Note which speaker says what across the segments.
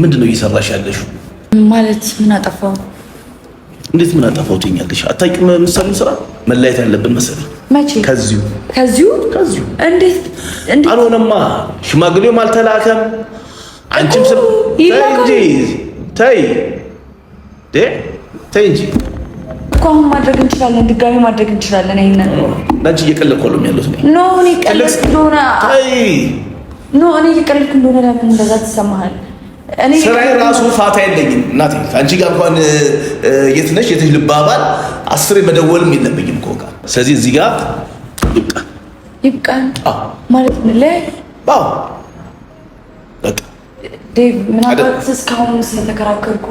Speaker 1: ምንድን ነው እየሰራሽ ያለሽ?
Speaker 2: ማለት ምን አጠፋው?
Speaker 1: እንዴት ምን አጠፋው ትይኛለሽ? አታውቂም። የምትሰሪውን ስራ መለያየት ያለብን መሰለኝ። መቼ? ከዚሁ ከዚሁ ከዚሁ። እንዴት አልሆነማ። ሽማግሌውም አልተላከም። አንቺም ስም ተይ እንጂ ተይ እንጂ
Speaker 2: እኮ አሁን ማድረግ እንችላለን፣ ድጋሚ ማድረግ እንችላለን። ይሄንን
Speaker 1: ለአንቺ እየቀለድኩ ነው ያለሁት እኔ።
Speaker 2: ኖ እኔ እየቀለድኩ እንደሆነ ለምን እንደዛ ትሰማሃል?
Speaker 1: ስራዬ ራሱ ፋታ የለኝም እናቴ። ከአንቺ ጋር እንኳን የት ነሽ የት ነሽ ልባባል አስሬ መደወልም የለብኝም እኮ በቃ። ስለዚህ እዚህ ጋር ይብቃ
Speaker 2: ይብቃ ማለት ነው ላይ ዴቭ ምናልባት እስካሁን ስለተከራከርኩ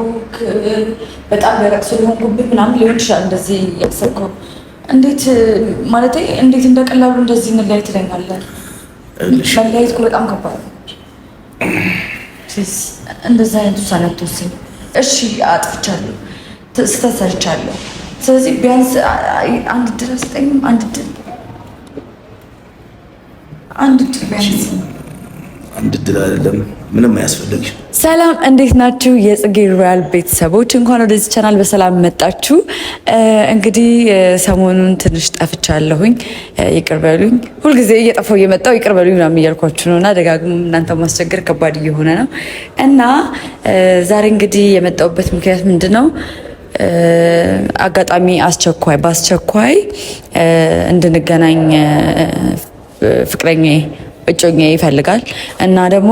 Speaker 2: በጣም ደረቅ ስለሆንኩብህ ምናምን ሊሆን ይችላል እንደዚህ ያሰብከው። እንዴት ማለት እንዴት እንደቀላሉ እንደዚህ እንለያይ ትለኛለህ? መለያየት እኮ በጣም ከባድ ነው። እንደዚህ አይነት ውሳኔ አትወስኝ። እሺ አጥፍቻለሁ፣ ስተሰርቻለሁ። ስለዚህ ቢያንስ አንድ ድል አስጠኝም አንድ ድል አንድ ድል ቢያንስ
Speaker 1: አንድ ድል አይደለም ምንም አያስፈልግሽም።
Speaker 2: ሰላም እንዴት ናችሁ? የጽጌ ሮያል ቤተሰቦች እንኳን ወደዚህ ቻናል በሰላም መጣችሁ። እንግዲህ ሰሞኑን ትንሽ ጠፍቻለሁኝ፣ ይቅር በሉኝ። ሁልጊዜ እየጠፋሁ እየመጣሁ ይቅር በሉኝ ምናምን እያልኳችሁ ነው እና ደጋግሞ እናንተ ማስቸገር ከባድ እየሆነ ነው እና ዛሬ እንግዲህ የመጣሁበት ምክንያት ምንድን ነው? አጋጣሚ አስቸኳይ በአስቸኳይ እንድንገናኝ ፍቅረኛ እጮኛ ይፈልጋል እና ደግሞ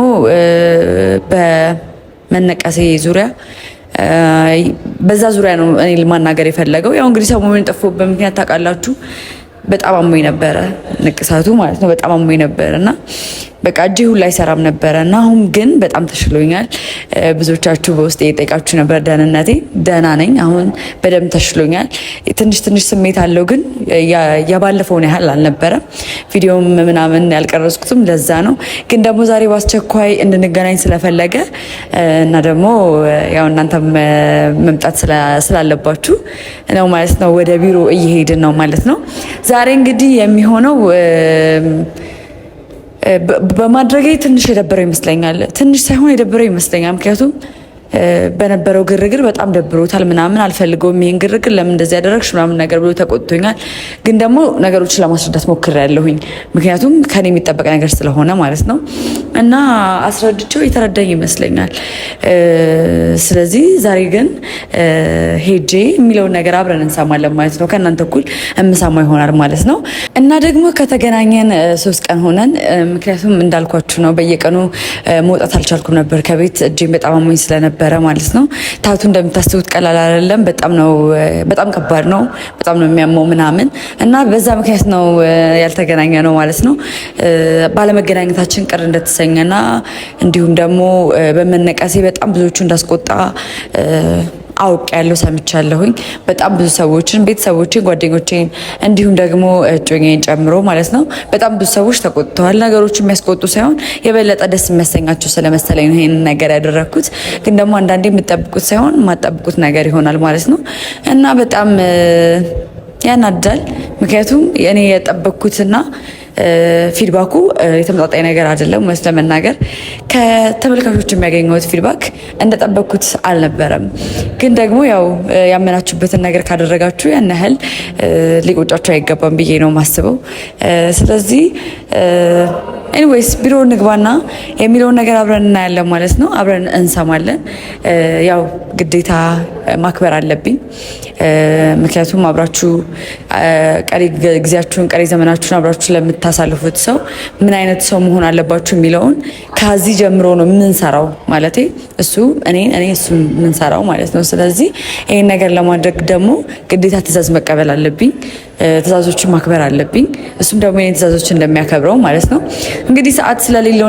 Speaker 2: በመነቀሴ ዙሪያ በዛ ዙሪያ ነው እኔ ማናገር የፈለገው። ያው እንግዲህ ሰሞኑን የጠፋሁበት ምክንያት ታውቃላችሁ። በጣም አሞኝ ነበረ፣ ንቅሳቱ ማለት ነው። በጣም አሞኝ ነበረ እና በቃ እጅ ሁላ አይሰራም ነበረ እና አሁን ግን በጣም ተሽሎኛል። ብዙዎቻችሁ በውስጥ የጠቃችሁ ነበር ደህንነቴ። ደህና ነኝ አሁን በደንብ ተሽሎኛል። ትንሽ ትንሽ ስሜት አለው ግን የባለፈውን ያህል አልነበረም። ቪዲዮም ምናምን ያልቀረጽኩትም ለዛ ነው። ግን ደግሞ ዛሬ በአስቸኳይ እንድንገናኝ ስለፈለገ እና ደግሞ ያው እናንተ መምጣት ስላለባችሁ ነው ማለት ነው። ወደ ቢሮ እየሄድን ነው ማለት ነው። ዛሬ እንግዲህ የሚሆነው በማድረጌ ትንሽ የደበረው ይመስለኛል። ትንሽ ሳይሆን የደበረው ይመስለኛል ምክንያቱም በነበረው ግርግር በጣም ደብሮታል ምናምን አልፈልገውም ይሄን ግርግር ለምን እንደዚህ ያደረግሽ ምናምን ነገር ብሎ ተቆጥቶኛል። ግን ደግሞ ነገሮችን ለማስረዳት ያለሁኝ ምክንያቱም ከኔ የሚጠበቅ ነገር ስለሆነ ማለት ነው እና አስረድቼው የተረዳኝ ይመስለኛል። ስለዚህ ዛሬ ግን ሄጄ የሚለውን ነገር አብረን እንሰማለን ማለት ነው። ከእናንተ እኩል የምሰማ ይሆናል ማለት ነው እና ደግሞ ከተገናኘን ሶስት ቀን ሆነን ምክንያቱም እንዳልኳችሁ ነው በየቀኑ መውጣት አልቻልኩም ነበር ከቤት እጄን በጣም አሞኝ ስለነበር ነበረ ማለት ነው። ታቱ እንደምታስቡት ቀላል አይደለም። በጣም ነው በጣም ከባድ ነው። በጣም ነው የሚያመው ምናምን እና በዛ ምክንያት ነው ያልተገናኘ ነው ማለት ነው። ባለመገናኘታችን ቅር እንደተሰኘና እንዲሁም ደግሞ በመነቀሴ በጣም ብዙዎቹ እንዳስቆጣ አውቅ ያለው ሰምቻለሁኝ። በጣም ብዙ ሰዎችን ቤተሰቦችን፣ ጓደኞቼን እንዲሁም ደግሞ እጮኛዬን ጨምሮ ማለት ነው በጣም ብዙ ሰዎች ተቆጥተዋል። ነገሮች የሚያስቆጡ ሳይሆን የበለጠ ደስ የሚያሰኛቸው ስለመሰለኝ ነው ይህንን ነገር ያደረግኩት። ግን ደግሞ አንዳንዴ የምጠብቁት ሳይሆን የማጠብቁት ነገር ይሆናል ማለት ነው እና በጣም ያናዳል። ምክንያቱም እኔ የጠበቅኩትና ፊድባኩ የተመጣጣኝ ነገር አይደለም። ወስ ለመናገር ከተመልካቾች የሚያገኘት ፊድባክ እንደጠበቅኩት አልነበረም። ግን ደግሞ ያው ያመናችሁበትን ነገር ካደረጋችሁ ያን ያህል ሊቆጫችሁ አይገባም ብዬ ነው ማስበው ስለዚህ ኤኒዌይስ ቢሮ ንግባና የሚለውን ነገር አብረን እናያለን ማለት ነው። አብረን እንሰማለን። ያው ግዴታ ማክበር አለብኝ፣ ምክንያቱም አብራችሁ ቀሪ ጊዜያችሁን ቀሪ ዘመናችሁን አብራችሁ ለምታሳልፉት ሰው ምን አይነት ሰው መሆን አለባችሁ የሚለውን ከዚህ ጀምሮ ነው የምንሰራው ማለት እሱ እኔ እኔ እሱ የምንሰራው ማለት ነው። ስለዚህ ይህን ነገር ለማድረግ ደግሞ ግዴታ ትዕዛዝ መቀበል አለብኝ። ትእዛዞችን ማክበር አለብኝ። እሱም ደግሞ የኔ ትእዛዞችን እንደሚያከብረው ማለት ነው። እንግዲህ ሰዓት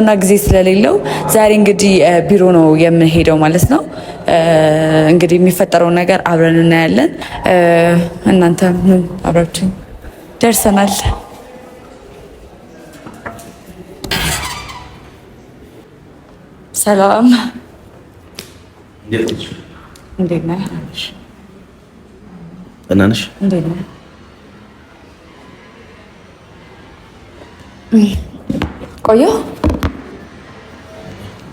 Speaker 2: እና ጊዜ ስለሌለው ዛሬ እንግዲህ ቢሮ ነው የምንሄደው ማለት ነው። እንግዲህ የሚፈጠረው ነገር አብረን እናያለን። እናንተ ምን ደርሰናል። ሰላም እንዴት ነህ? ቆየሁ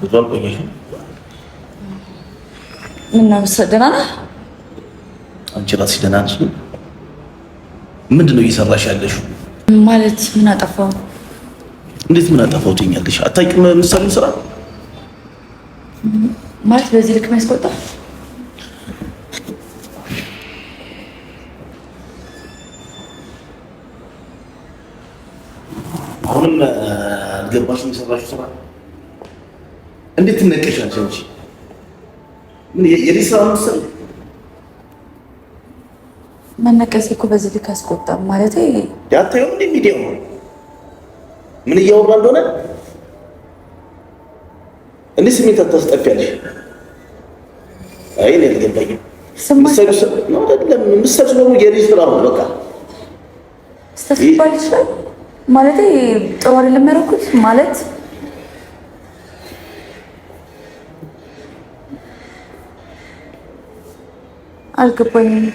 Speaker 1: ብዙ አልቆየሽም።
Speaker 2: ምነው ደህና ነህ?
Speaker 1: አንቺ እራስሽ ደህና ነሽ? ምንድን ነው እየሰራሽ ያለሽው?
Speaker 2: ማለት ምን አጠፋው?
Speaker 1: እንዴት ምን አጠፋው ትይኛለሽ? አታውቂም የምትሰሪውን ስራ
Speaker 2: ማለት በዚህ ልክ የሚያስቆጣ
Speaker 1: አልገባሽም? የሰራሽው ስራ እንዴት ትነቀሻለሽ? አንቺ ምን የእኔ ስራ መሰለኝ።
Speaker 2: መነቀሴ እኮ በዚህ ልክ አስቆጣም ማለት
Speaker 1: ያታየው እንዴ? ሚዲያው ምን እያወራ እንደሆነ እንዴ ስሜት አታስጠፊያለሽ። አይ እኔ አልገባኝም። ምሰሉ ነው አይደለም ምሰሉ ነው የሪጅ ስራ ነው በቃ
Speaker 2: ማለት ጥሩ አይደለም ያደረኩት ማለት አልገባኝም።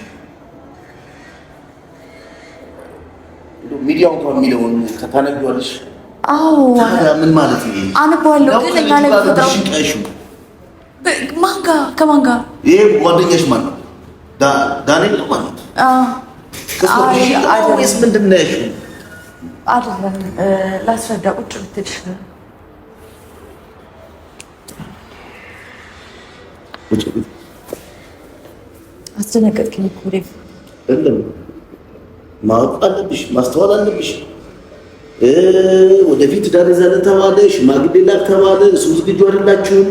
Speaker 1: ሚዲያው እንኳን የሚለውን ታነቢዋለሽ? አዎ ምን ማለት ነው? አነባዋለሁ ግን
Speaker 2: ማን ጋር ከማን ጋር?
Speaker 1: ይሄ ጓደኛሽ ማን ነው? ዳንኤል ነው ማለት ነው? ስ አይ ምንድን ነው ያልሽው?
Speaker 2: አይደለም ላስረዳ። ቁጭ ብትል አስደነገጥከኝ እኮ ዴቭ።
Speaker 1: ማወቅ አለብሽ፣ ማስተዋል አለብሽ። ወደፊት ዳር ይዛለን ተባለ፣ ሽማግሌ ላክ ተባለ። እሱ ዝግጁ አይደላችሁም።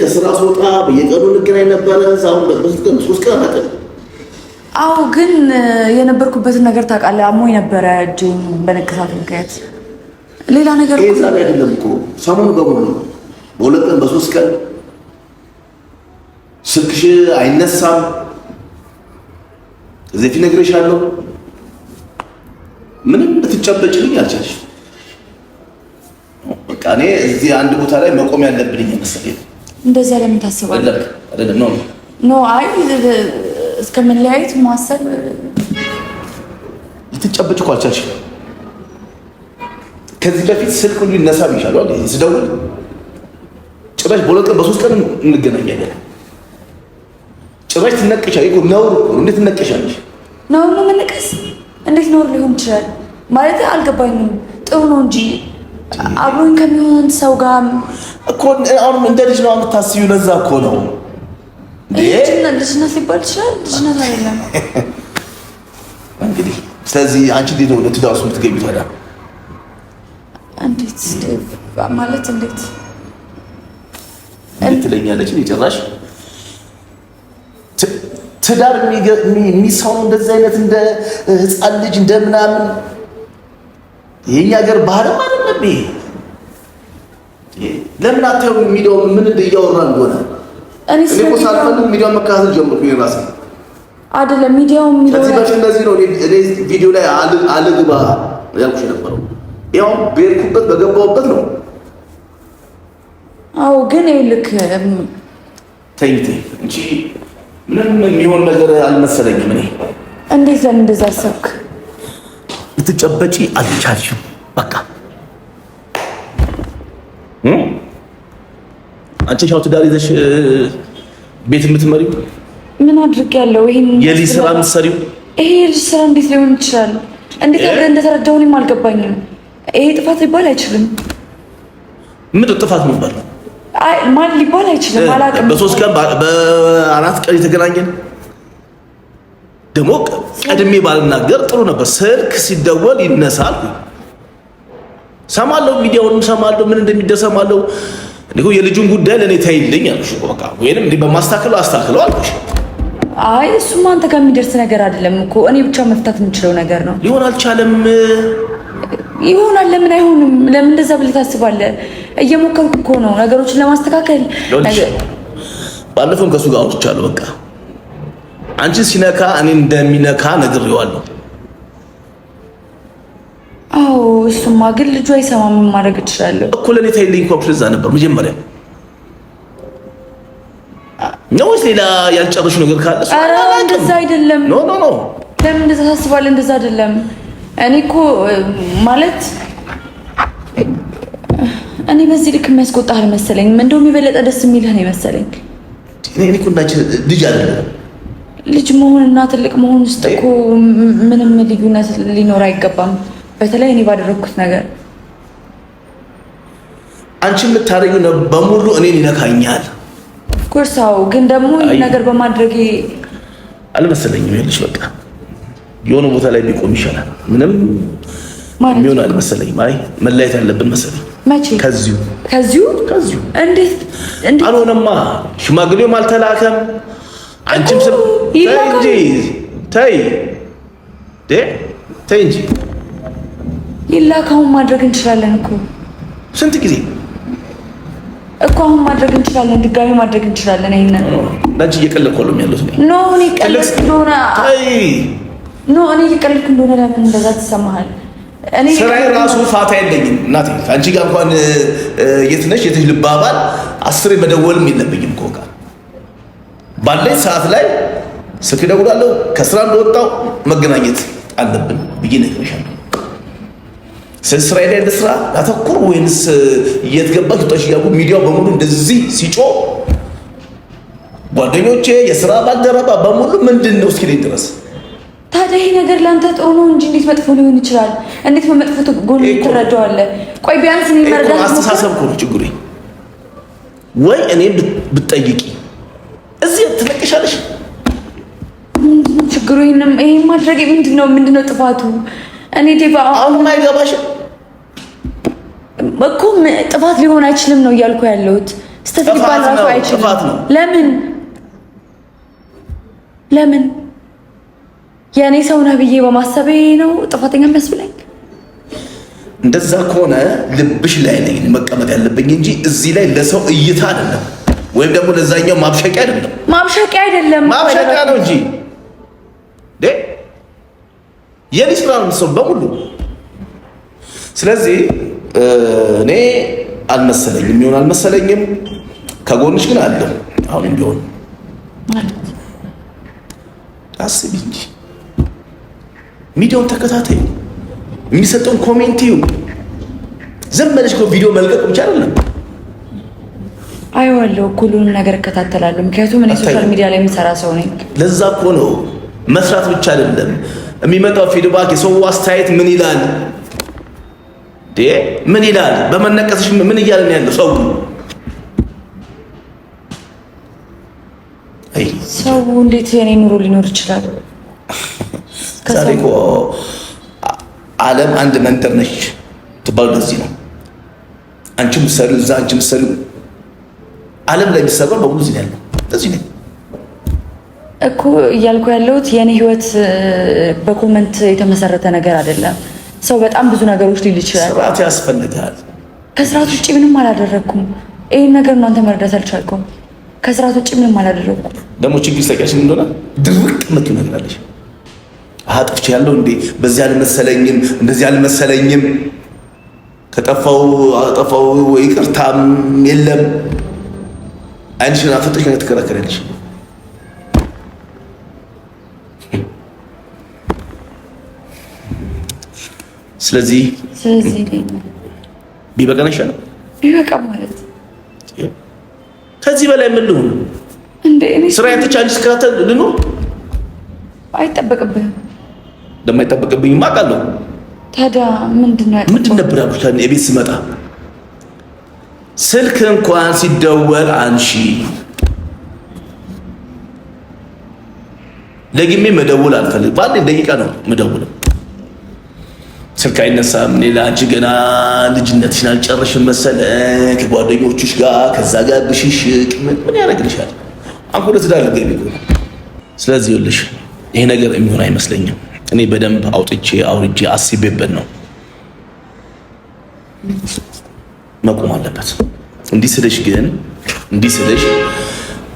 Speaker 1: ከስራ ስወጣ በየቀኑ እንገናኝ ነበረ። አሁን በሶስት ሶስት ቀን አቀል
Speaker 2: አዎ ግን የነበርኩበትን ነገር ታውቃለህ። አሞኝ ነበረ እጄን በነቀሳት ምክንያት ሌላ ነገር
Speaker 1: ዛ ላይ አይደለም እኮ ሰሞኑ በሙሉ ነው። በሁለት ቀን በሶስት ቀን ስልክሽ አይነሳም። እዚህ ፊት ነግሬሻለሁ። ምንም ልትጨበጭልኝ አልቻልሽ። በቃ እኔ እዚህ አንድ ቦታ ላይ መቆም ያለብኝ መሰለኝ።
Speaker 2: እንደዛ ለምን ታስባለህ? አይደለም ኖ ኖ አይ እስከ መለያየት ማሰብ
Speaker 1: ልትጨበጭ እኮ አልቻልሽም። ከዚህ በፊት ስልክ ሁሉ ይነሳ ይሻላል። ስደውል ጭራሽ በሁለት ቀን በሶስት ቀን እንገናኛለን። ጭራሽ ትነቅሻለሽ። ነውር ነው። እንዴት ትነቅሻለሽ?
Speaker 2: ነውር ነው መነቀስ። እንዴት ነውር ሊሆን ይችላል? ማለት አልገባኝም። ጥሩ ነው እንጂ አብሮኝ ከሚሆን ሰው ጋር
Speaker 1: እኮ አሁንም እንደ ልጅ ነው የምታስቢው። ለዛ እኮ ነው
Speaker 2: ልጅነት ሊባል ይችላል። ልጅነት አይደለም
Speaker 1: እንግዲህ። ስለዚህ አንቺ እንዴት ነው ወደ ትዳር ውስጥ ታዲያ?
Speaker 2: እንዴት ማለት እንዴት
Speaker 1: ትለኛለች? እኔ ጭራሽ ትዳር የሚሰው ነው እንደዚህ አይነት እንደ ህፃን ልጅ እንደ ምናምን የኛ ሀገር ባህልም አይደለም ይሄ። ለምን አታየው የሚለው ምን እያወራ እንደሆነ እኔ ሳልፈልግ ሚዲያውን መከታተል ጀመርኩ። እኔ ራሴ
Speaker 2: አይደለም ሚዲያው የሚለው
Speaker 1: ከዚህ እንደዚህ ነው። እኔ ቪዲዮ ላይ አልግባ ያልኩሽ ነበረው። ያው በሄድኩበት በገባሁበት ነው።
Speaker 2: አዎ ግን ይልክ
Speaker 1: ተይ እንጂ ምንም የሚሆን ነገር አልመሰለኝም። እኔ
Speaker 2: እንዴት ለምን እንደዛ አሰብክ?
Speaker 1: ብትጨበጪ አልቻልሽም በቃ አንቺ ሻው ትዳር ይዘሽ ቤት የምትመሪው
Speaker 2: ምን አድርግ ያለው ይሄን
Speaker 1: የልጅ ስራ የምትሰሪው
Speaker 2: ይሄ የልጅ ስራ እንዴት ሊሆን ይችላል? እንዴት አብረን እንደተረዳሁ እኔም አልገባኝም። ይሄ ጥፋት ሊባል አይችልም።
Speaker 1: ምን ጥፋት የሚባል
Speaker 2: አይ ማን ሊባል አይችልም።
Speaker 1: አላውቅም። በሶስት ቀን በአራት ቀን የተገናኘን ደግሞ ቀድሜ ባልናገር ጥሩ ነበር። ስልክ ሲደወል ይነሳል። ሰማለሁ፣ ሚዲያውንም ሰማለሁ፣ ምን እንደሚደሰማለሁ እንዲሁ የልጁን ጉዳይ ለእኔ ታይልኝ አልኩሽ እኮ በቃ። ወይንም እንዲህ በማስተካከለው አስተካክለው አልኩሽ።
Speaker 2: አይ እሱማ አንተ ጋር የሚደርስ ነገር አይደለም እኮ እኔ ብቻ መፍታት የምችለው ነገር ነው።
Speaker 1: ሊሆን አልቻለም።
Speaker 2: ይሆናል። ለምን አይሆንም? ለምን እንደዛ ብለህ ታስባለህ? እየሞከርኩ እኮ ነው ነገሮችን ለማስተካከል።
Speaker 1: ባለፈውም ከእሱ ጋር አውርቻለሁ። በቃ አንቺን ሲነካ እኔ እንደሚነካ ነግሬዋለሁ።
Speaker 2: አዎ እሱማ ግን ልጁ አይሰማም። ማድረግ እችላለሁ
Speaker 1: እኮ ለእኔ ታይልኝ እኮ አብሽን እዛ ነበር መጀመሪያ ነው ሌላ ያልጨረሹ ነገር ካለ?
Speaker 2: ኧረ እንደዛ አይደለም። ኖ ኖ ኖ ለምን እንደዛ ታስባለህ? እንደዛ አይደለም። እኔ እኮ ማለት እኔ በዚህ ልክ የሚያስቆጣ አልመሰለኝም። እንደውም የበለጠ ደስ የሚልህ ነው የመሰለኝ።
Speaker 1: እኔ እኮ እንዳንቺ ልጅ አይደለም።
Speaker 2: ልጅ መሆንና ትልቅ መሆን ውስጥ እኮ ምንም ልዩነት ሊኖር አይገባም። በተለይ እኔ ባደረግኩት ነገር
Speaker 1: አንቺ የምታደርጊው በሙሉ እኔን ይነካኛል።
Speaker 2: ኩርሳው ግን ደግሞ ይህ ነገር በማድረግ
Speaker 1: አልመሰለኝም። ይኸውልሽ በቃ የሆነ ቦታ ላይ ቢቆም ይሻላል። ምንም የሚሆን አልመሰለኝም። አይ መለየት ያለብን መሰለኝ። መቼ? ከዚሁ ከዚሁ ከዚሁ። እንዴት እንዴት? አልሆነማ። ሽማግሌውም አልተላከም። አንቺም ስለ ተይ እንጂ ተይ ተይ እንጂ
Speaker 2: ይላካውን ማድረግ እንችላለን እኮ ስንት ጊዜ እኮ አሁን ማድረግ እንችላለን፣ ድጋሚ ማድረግ እንችላለን። ይሄንን
Speaker 1: ዳንቺ እየቀለድኩ ነው ያለሁት እኔ።
Speaker 2: ኖ እኔ እየቀለድኩ እንደሆነ ኖ እኔ እየቀለድኩ እንደሆነ ለምን እንደዛ ትሰማሃል?
Speaker 1: እኔ ስራዬ ራሱ ፋታ የለኝም እናቴ። አንቺ ጋር እንኳን የት ነሽ የት ልባባል አስር መደወልም የለብኝም እኮ ጋር ባለኝ ሰዓት ላይ ስልክ እደውላለሁ። ከስራ እንደወጣው መገናኘት አለብን ብዬ ነግሬሻለሁ። ስራ ላይ ልስራ ላተኩር ወይንስ እየተገባ ጣሽ እያሉ ሚዲያው በሙሉ እንደዚህ ሲጮ ጓደኞቼ፣ የስራ ባልደረባ በሙሉ ምንድን ነው እስኪ ድረስ
Speaker 2: ታዲያ ይሄ ነገር ለአንተ ጥሩ ነው እንጂ እንዴት መጥፎ ሊሆን ይችላል? እንዴት በመጥፎ ጎን ትረዳዋለህ? ቆይ ቢያንስ
Speaker 1: የሚመርዳት አስተሳሰብ እኮ ነው ችግሬ። ወይ እኔ ብትጠይቂ እዚህ ትለቅሻለሽ
Speaker 2: ችግሩ። ይሄን ማድረግ ምንድን ነው ምንድን ነው ጥፋቱ? እኔ ዴባ
Speaker 1: አሁን አይገባሽ
Speaker 2: እኮ ጥፋት ሊሆን አይችልም ነው እያልኩ ያለሁት። ስተት ሊባል ራሱ አይችልም። ለምን ለምን የእኔ ሰው ነህ ብዬ በማሰቤ ነው ጥፋተኛ የሚያስብለኝ?
Speaker 1: እንደዛ ከሆነ ልብሽ ላይ ነኝ መቀመጥ ያለብኝ እንጂ እዚህ ላይ ለሰው እይታ አይደለም፣ ወይም ደግሞ ለዛኛው ማብሸቂያ አይደለም።
Speaker 2: ማብሸቂያ አይደለም፣
Speaker 1: ማብሸቂያ ነው እንጂ የኔ ሰው በሙሉ። ስለዚህ እኔ አልመሰለኝም የሚሆን አልመሰለኝም፣ ከጎንሽ ግን አለ። አሁንም ቢሆን አስቢ እንጂ ሚዲያውን ተከታተዩ፣ የሚሰጠውን ኮሜንት ይዩ። ዝም ብለሽ እኮ ቪዲዮ መልቀቅ ብቻ አይደለም።
Speaker 2: አይዋለሁ ሁሉንም ነገር እከታተላለሁ፣ ምክንያቱም እኔ ሶሻል ሚዲያ ላይ የምሰራ ሰው ነኝ።
Speaker 1: ለዛ እኮ ነው መስራት ብቻ አይደለም የሚመጣው ፊድባክ የሰው አስተያየት ምን ይላል ምን ይላል፣ በመነቀስሽ ምን እያለ ነው ያለው ሰው? አይ
Speaker 2: ሰው እንዴት የኔ ኑሮ ሊኖር ይችላል?
Speaker 1: ዛሬ እኮ ዓለም አንድ መንደር ነች ትባል ለዚህ ነው። አንቺም ምሰሉ እዛ፣ አንቺ ምሰሉ ዓለም ላይ የሚሰራው በሙሉ እዚህ ነው ያለው። ለዚህ ነው
Speaker 2: እኮ እያልኩ ያለሁት የእኔ ህይወት በኮመንት የተመሰረተ ነገር አይደለም። ሰው በጣም ብዙ ነገሮች ሊል ይችላል።
Speaker 1: ስርዓት ያስፈልጋል።
Speaker 2: ከስርዓት ውጭ ምንም አላደረግኩም። ይህን ነገር እናንተ መረዳት አልቻልኩም። ከስርዓት ውጭ ምንም አላደረግኩም።
Speaker 1: ደግሞ ችግር ስጠቂያችን እንደሆነ ድርቅ ምት ነግራለች። አጥፍቼ ያለው እንዴ በዚህ አልመሰለኝም፣ እንደዚህ አልመሰለኝም። ከጠፋው አጠፋው ወይ ቅርታም የለም። አይንሽን አፍጥሽ ነው ትከራከሪያለሽ ስለዚህ ቢበቀን ይሻላል።
Speaker 2: ቢበቃ ማለት
Speaker 1: ከዚህ በላይ ምን ልሁን? ስራ የተቻለ ስክራተ ልኖር
Speaker 2: አይጠበቅብህም።
Speaker 1: እንደማይጠበቅብኝማ አውቃለሁ።
Speaker 2: ታዲያ ምንድን
Speaker 1: ነበር ያልኩት? የቤት ስመጣ ስልክ እንኳን ሲደወል አንሺ። ደግሜ መደውል አልፈልግም። በአንዴ ደቂቃ ነው መደውልም ስልክ አይነሳም። ሌላ እጅ ገና ልጅነትሽን አልጨረሽም መሰለ ከጓደኞችሽ ጋር ከዛ ጋር ብሽሽቅ ምን ያደርግልሻል? አንኩ ወደ ትዳር ገቢ። ስለዚህ ይኸውልሽ ይሄ ነገር የሚሆን አይመስለኝም። እኔ በደንብ አውጥቼ አውርጄ አስቤበት ነው መቆም አለበት። እንዲህ ስልሽ ግን እንዲህ ስልሽ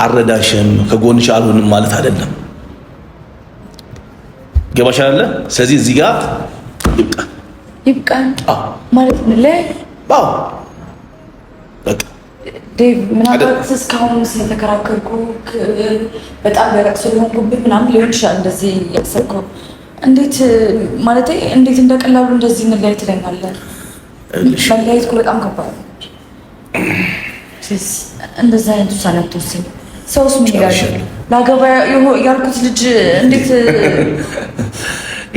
Speaker 1: አረዳሽም ከጎንሽ አልሆንም ማለት አይደለም። ገባሽ አይደለ? ስለዚህ እዚህ ጋር ይብቃል።
Speaker 2: ይብቃን ማለት ነው ላይ ምናልባት እስካሁን ስለተከራከርኩ በጣም ደረቅ ስለሆንኩብህ ምናምን ሊሆን ይችላል እንደዚህ ያሰብከው። እንዴት ማለት እንዴት እንደ ቀላሉ እንደዚህ እንለያይ ትለኛለህ? መለያየት እኮ በጣም ከባድ ነው። እንደዚህ አይነት ውሳኔ አትወስኝ። ሰውስ ምን ይላል? ለአገባ ያልኩት ልጅ እንዴት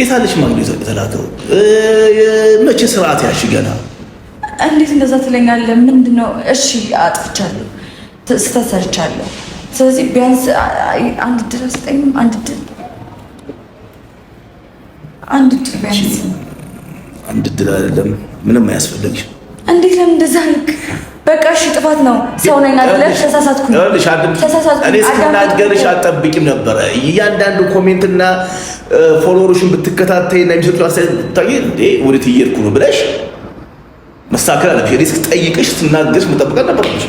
Speaker 1: የታለች ማግኘት የተላከው መቼ ስርዓት ያሽገናል?
Speaker 2: እንዴት እንደዛ ትለኛለህ? ምንድን ነው? እሺ አጥፍቻለሁ፣ ስህተት ሰርቻለሁ። ስለዚህ ቢያንስ አንድ ድር አስጠኝም፣ አንድ ድል አንድ ድል ቢያንስ
Speaker 1: አንድ ድል አይደለም፣ ምንም አያስፈልግም።
Speaker 2: እንዴት ለምን እንደዛ ልክ በቃ እሺ፣ ጥፋት ነው ሰው ነኝ አይደለም። ተሳሳትኩኝ።
Speaker 1: እኔ ስትናገርሽ አጠብቂም ነበረ። እያንዳንዱ ኮሜንትና ፎሎወርሽን ብትከታተይ እና የሚሰጡ አስተያየት ብታይ ወዴት እየሄድኩ ነው ብለሽ መስተካከል አለብሽ። እኔ ስጠይቅሽ ስናገርሽ መጠበቅ ነበረብሽ።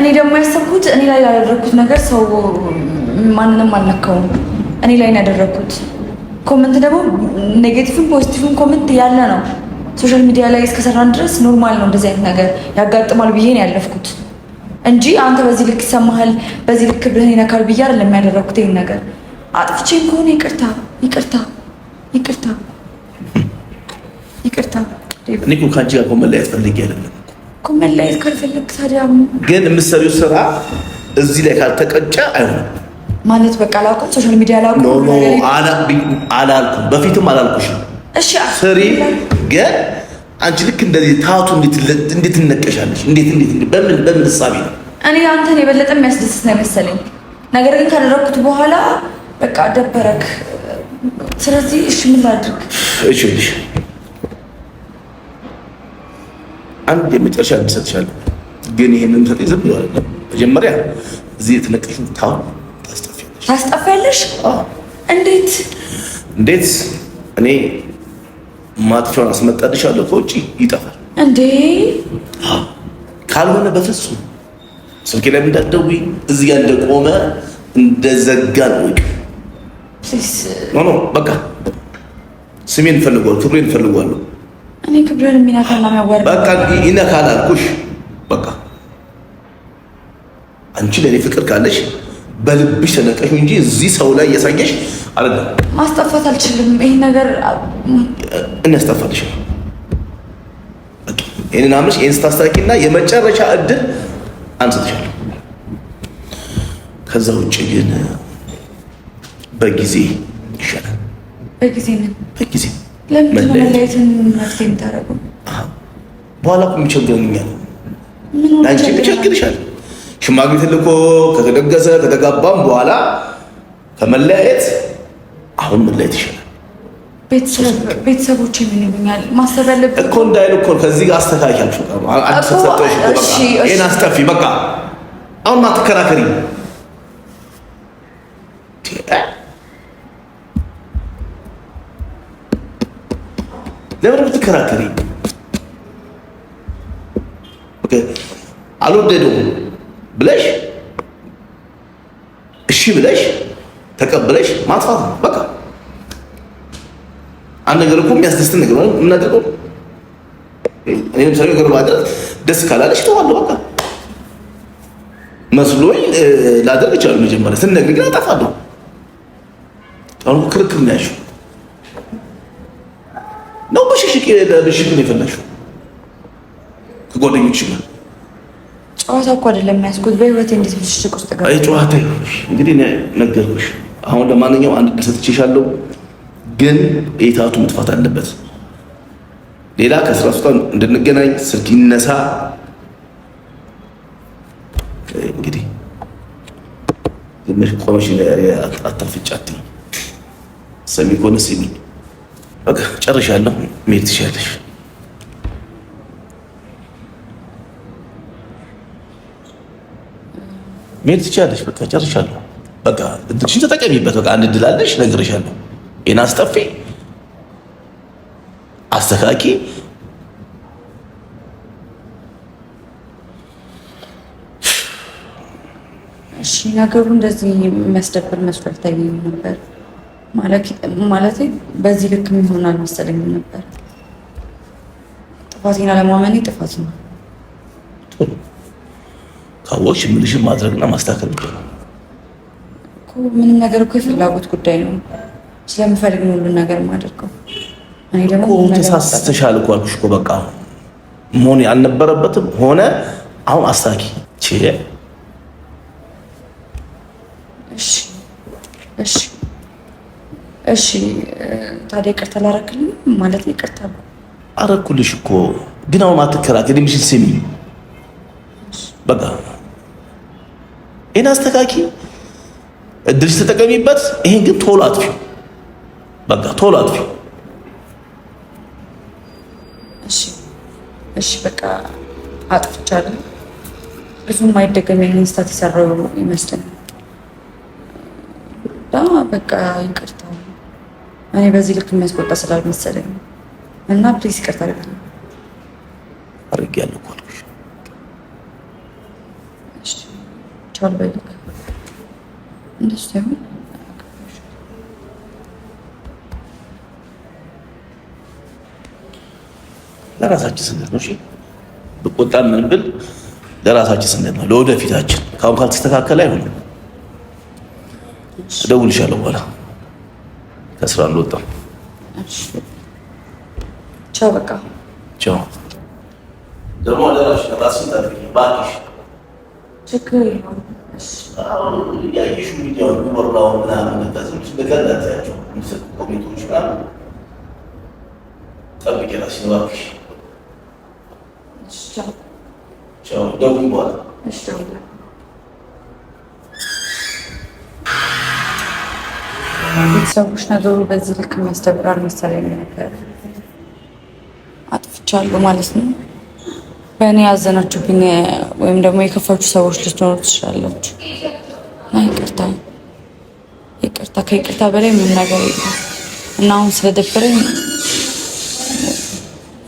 Speaker 2: እኔ ደግሞ ያሰብኩት እኔ ላይ ያደረግኩት ነገር ሰው ማንንም አልነካውም። እኔ ላይ ነው ያደረግኩት። ኮመንት ደግሞ ኔጌቲቭም ፖዚቲቭም ኮመንት ያለ ነው ሶሻል ሚዲያ ላይ እስከሰራን ድረስ ኖርማል ነው፣ እንደዚህ አይነት ነገር ያጋጥማል ብዬ ነው ያለፍኩት እንጂ አንተ በዚህ ልክ ይሰማሃል፣ በዚህ ልክ ብህን ይነካል ብዬ አይደለም የሚያደረግኩት። ይህን ነገር አጥፍቼም ከሆነ ይቅርታ ይቅርታ ይቅርታ ይቅርታ።
Speaker 1: እኔ እኮ ከአንቺ ጋር እኮ መለያየት ፈልጌ አይደለም
Speaker 2: እኮ መለያየት ካልፈለግ ታዲያ
Speaker 1: ግን የምትሰሪው ስራ እዚህ ላይ ካልተቀጨ አይሆንም
Speaker 2: ማለት በቃ አላውቅም፣ ሶሻል ሚዲያ
Speaker 1: አላውቅም አላልኩም፣ በፊትም አላልኩሽም ስሪ ግን አንቺ ልክ እንደዚህ ታቱ እንዴት ትነቀሻለች? እንዴት እንዴት በምን በምን እሳቤ ነው?
Speaker 2: እኔ አንተን የበለጠ የሚያስደስት ነው የመሰለኝ ነገር ግን ካደረኩት በኋላ በቃ ደበረክ። ስለዚህ እሺ ምን ላድርግ?
Speaker 1: እሺ ልሽ አንድ የመጨረሻ እሰጥሻለሁ፣ ግን ይሄንን ሰጥ ዝም ብሎ አይደለም። መጀመሪያ እዚህ የተነቀሽን ታው
Speaker 2: ታስጠፊያለሽ። ታስጠፊያለሽ? እንዴት
Speaker 1: እንዴት እኔ ማጥፊያውን አስመጣልሻለሁ። ከውጭ ይጠፋል እንዴ? ካልሆነ በፍጹም ስልክ ላይ እንዳትደውይ። እዚህ ጋር እንደቆመ እንደዘጋ ነው። ኖ ኖ፣ በቃ ስሜን ፈልጓል፣ ክብሬን ፈልጓለሁ።
Speaker 2: እኔ ክብሬን የሚነካል ለማያወራ
Speaker 1: በቃ ይነካል አልኩሽ። በቃ አንቺ ለእኔ ፍቅር ካለሽ በልብሽ ተነቀሽ እንጂ እዚህ ሰው ላይ እያሳየሽ አይደለም
Speaker 2: ማስጠፋት አልችልም። ይሄ ነገር
Speaker 1: እናስጠፋልሽ ነው። ይሄን አምልሽ፣ ይሄን ስታስታቂና የመጨረሻ እድል አንስትሻለሁ። ከዛ ውጭ ግን በጊዜ ይሻላል። በጊዜ ምን በጊዜ በኋላ እኮ የሚቸግረኛል። ለአንቺ ይቸግርሻል። ሽማግሌ ተልኮ ከተደገሰ ከተጋባም በኋላ ከመለያየት አሁን ምን ላይ ትችላል?
Speaker 2: ቤተሰቦች ምን ይሉኛል? ማሰብ ያለብህ
Speaker 1: እኮ እንዳይል እኮ ከዚህ ጋር አስተካክያችሁ ይህን በቃ አሁን ማትከራከሪ ለምን ብትከራከሪ አልወደደውም ብለሽ እሺ ብለሽ ተቀብለሽ ማጥፋት ነው በቃ። አንድ ነገር እኮ የሚያስደስት ነገር ነው የምናደርገው። እኔ ለምሳሌ ነገር ባደርግ ደስ ካላለሽ ተዋለሁ በቃ መስሎኝ ላደርግ ይችላል። መጀመሪያ ስነግር ግን አጠፋለሁ። አሁን ክርክር ነው ያልሽው ነው በሽሽቅ ብሽቅ ነው የፈላሽው ከጓደኞች ጋር
Speaker 2: ጨዋታ እኮ አይደለም ያስኩት በህይወቴ እንዴት ብሽሽቅ ውስጥ
Speaker 1: ገባ? ጨዋታ ይሆንሽ እንግዲህ ነገርኩሽ። አሁን ለማንኛውም አንድ ድል ሰጥቼሻለሁ። ግን ኢታቱ መጥፋት አለበት። ሌላ ከስራ ስጣ እንድንገናኝ ስልክ ይነሳ። እንግዲህ ቆመሽ አታፍጫት ሰሚ ከሆነ ሲሚ በቃ ጨርሻለሁ። መሄድ ትችያለሽ። መሄድ ትችያለሽ። በቃ ጨርሻለሁ። በቃ እድልሽን ተጠቀሚበት። በቃ አንድ ድላለሽ ነግርሻለሁ። ይህን አስጠፊ አስተካኪ
Speaker 2: ነገሩ እንደዚህ የሚያስደብር መስሎ አይታየኝም ነበር። ማለት በዚህ ልክ የሚሆን አልመሰለኝም ነበር። ጥፋቴን አለማመኔ ጥፋት ነው።
Speaker 1: ካወቅሽ ምልሽን ማድረግና ማስተካከል
Speaker 2: ምንም ነገር እኮ የፍላጎት ጉዳይ ነው። ስለምፈልግ ነው ሁሉን ነገር ማደርገው።
Speaker 1: እኔ ደግሞ ተሳስተሻል እኮ አልኩሽ እኮ በቃ መሆን ያልነበረበትም ሆነ። አሁን አስታኪ
Speaker 2: እሺ። ታዲያ ይቅርታ ላረክልኝ ማለት ይቅርታ
Speaker 1: አረኩልሽ እኮ ግን አሁን አትከራከሪ። ምሽል ስሚ በቃ ይህን አስተካኪ እድልሽ ተጠቀሚበት። ይሄን ግን ቶሎ አጥፊው። በቃ ቶሎ አጥፊ።
Speaker 2: እሺ፣ እሺ፣ በቃ አጥፍቻለሁ። ብዙም አይደገመኝ ስህተት የሰራው ይመስለኛል። በቃ ይቅርታ። እኔ በዚህ ልክ የሚያስቆጣ ስላልመሰለኝ እና ፕሊስ ይቅርታ አድርግ
Speaker 1: አድርጌያለሁ እኮ አልኩሽ።
Speaker 2: ቻል በይ፣ እንደሱ ሳይሆን
Speaker 1: ለራሳችን ስንል ነው። እሺ ብቆጣ ምን ብል ለራሳችን ስንል ነው፣ ለወደፊታችን። ካሁን ካልተስተካከለ አይሆንም። እደውልልሻለሁ በኋላ ከስራ አልወጣም። ቻው፣ በቃ ቻው። ደግሞ ለራሽ ራስን ታደርጊ ባኪሽ ችግር ያየሽ ሚዲያ ወርላው ምናምን መታዘች ለቀላቸው ሚሰጡ ኮሜንቶች ምናምን ጠብቂ ራስሽ ባኪሽ
Speaker 2: Tchau. ቤተሰቦች ነገሩ በዚህ ልክ የሚያስተብር አልመሰለኝም ነበር። አጥፍቻለሁ ማለት ነው። በእኔ ያዘናችሁብኝ ወይም ደግሞ የከፋችሁ ሰዎች ልትኖሩ ትችላላችሁ እና ይቅርታ ይቅርታ፣ ከይቅርታ በላይ ምንም ነገር የለም እና አሁን ስለደበረኝ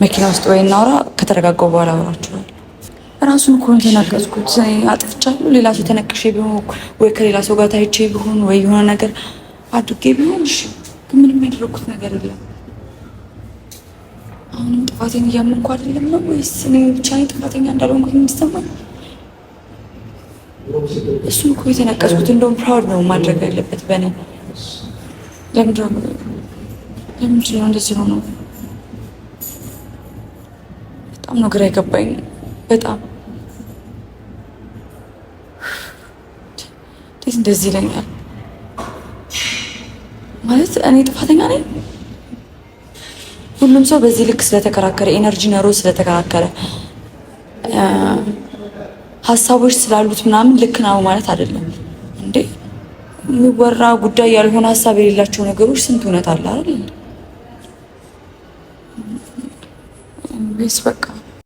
Speaker 2: መኪና ውስጥ ወይ እናውራ ከተረጋጋው በኋላ ሆናችኋል። ራሱን እኮ ነው የተናገዝኩት። አጥፍቻለሁ። ሌላ ሰው ተነቅሼ ቢሆን ወይ ከሌላ ሰው ጋር ታይቼ ቢሆን ወይ የሆነ ነገር አድርጌ ቢሆን እሺ፣ ግን ምንም ያደረኩት ነገር የለም። አሁንም ጥፋቴን እያመንኩ አይደለም ነው ወይስ እኔ ብቻ ነኝ ጥፋተኛ እንዳልሆንኩ የሚሰማኝ? እሱን እኮ የተነቀስኩት እንደውም ፕራውድ ነው ማድረግ ያለበት በእኔ። ነው እንደዚህ ሆነው ነው ግራ የገባኝ። በጣም እንዴት እንደዚህ ይለኛል ማለት እኔ ጥፋተኛ ነኝ። ሁሉም ሰው በዚህ ልክ ስለተከራከረ ኤነርጂ ነሮ ስለተከራከረ ሀሳቦች ስላሉት ምናምን ልክ ነው ማለት አይደለም እንዴ። የሚወራ ጉዳይ ያልሆነ ሀሳብ የሌላቸው ነገሮች ስንት እውነት አለ አይደል? በቃ